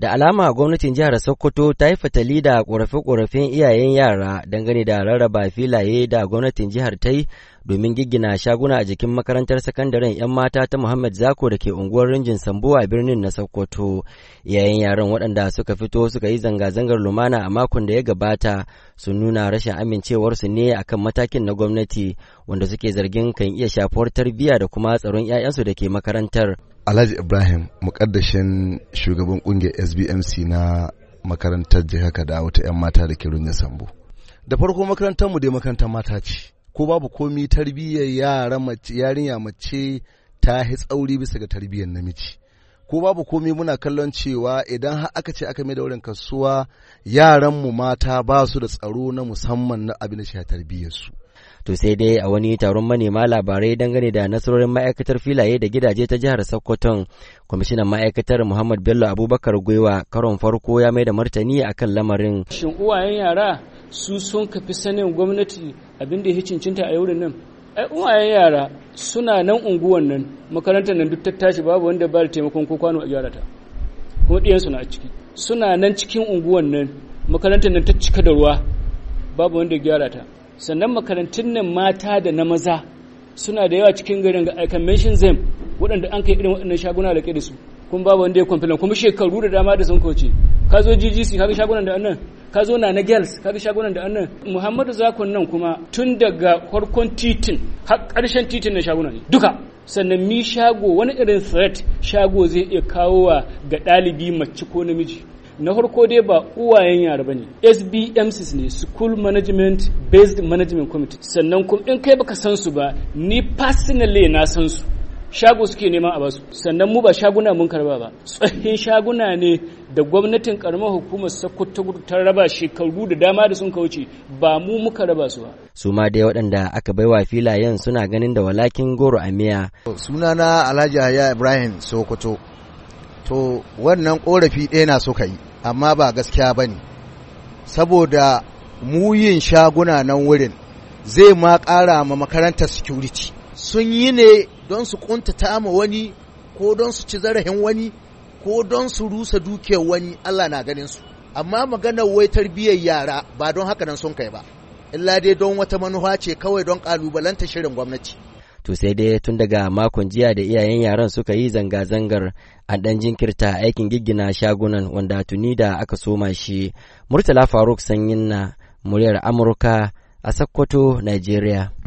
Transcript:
Da alama gwamnatin jihar Sokoto ta yi fatali da ƙorafe-ƙorafen iyayen yara dangane da rarraba filaye da gwamnatin jihar ta yi domin giggina shaguna a jikin makarantar sakandaren 'yan mata ta Muhammad Zako da ke unguwar Rinjin Sambo a birnin na Sokoto. Iyayen yaran waɗanda suka fito suka yi zanga-zangar lumana a makon da ya gabata sun nuna rashin amincewarsu ne akan matakin na gwamnati wanda suke zargin kan iya shafuwar tarbiyya da kuma tsaron 'ya'yansu da ke makarantar. Alhaji Ibrahim mukaddashin shugaban kungiyar SBMC na makarantar jiha kada wata 'yan mata da ke runya sambo. Da farko makarantar mu dai makarantar mata ce, ko babu komi tarbiyyar yara mace yarinya mace ta yi tsauri bisa ga tarbiyyar namiji. Ko babu komi muna kallon cewa idan har aka ce aka mai da wurin kasuwa yaran mu mata ba su da tsaro na musamman na abin da shi tarbiyyar su. To sai dai a wani taron manema labarai dangane da nasarorin ma'aikatar filaye da gidaje ta jihar Sokoton, kwamishinan ma'aikatar Muhammad Bello Abubakar Gwiwa karon farko ya mai da martani akan lamarin. Shin uwayen yara su sun kafi sanin gwamnati abin da ya cincinta a yau nan? Ai uwayen yara suna nan unguwan nan makarantar nan duk ta tashi babu wanda ba da taimakon ko kwano a gyara ta. Kuma ɗiyansu na a ciki. Suna nan cikin unguwan nan makarantar nan ta cika da ruwa babu wanda gyara ta. sannan makarantun nan mata da na maza suna da yawa cikin garin ga aikan mention waɗanda an kai irin waɗannan shaguna da da su kuma babu wanda ya kwamfilan kuma shekaru da dama da sun koce ka zo ggc kaga shagunan da annan ka zo na na girls kaga shagunan da annan muhammadu zakon nan kuma tun daga farkon titin har ƙarshen titin na shagunan ne duka sannan mi shago wani irin threat shago zai iya kawo ga ɗalibi mace ko namiji na farko dai ba uwayen yara ba bane SBMCs ne school management based management committee sannan kuma in kai baka san su ba ni personally na san su shago suke neman a basu sannan mu ba shaguna mun karba ba tsohin shaguna ne da gwamnatin karamar hukumar sakkwata ta raba shekaru da dama da sun kauce ba mu muka raba su ba su ma dai waɗanda aka baiwa filayen suna ganin da walakin goro a miya sunana alhaji ibrahim sokoto to wannan korafi ɗaya na suka yi amma ba gaskiya ba ne saboda muyin shaguna nan wurin zai ma ƙara ma makarantar security sun yi ne don su kuntata ma wani ko don su ci zarafin wani ko don su rusa dukiyar wani Allah na ganin su amma maganar wai tarbiyyar yara ba don haka nan sun kai ba illa dai don wata manufa ce kawai don ƙalubalanta shirin gwamnati to sai dai tun daga makon jiya da iyayen yaran suka yi zanga-zangar a ɗan jinkirta aikin giggina shagunan wanda tuni da aka soma shi murtala faruk sanyin na muryar amurka a sakkwato nigeria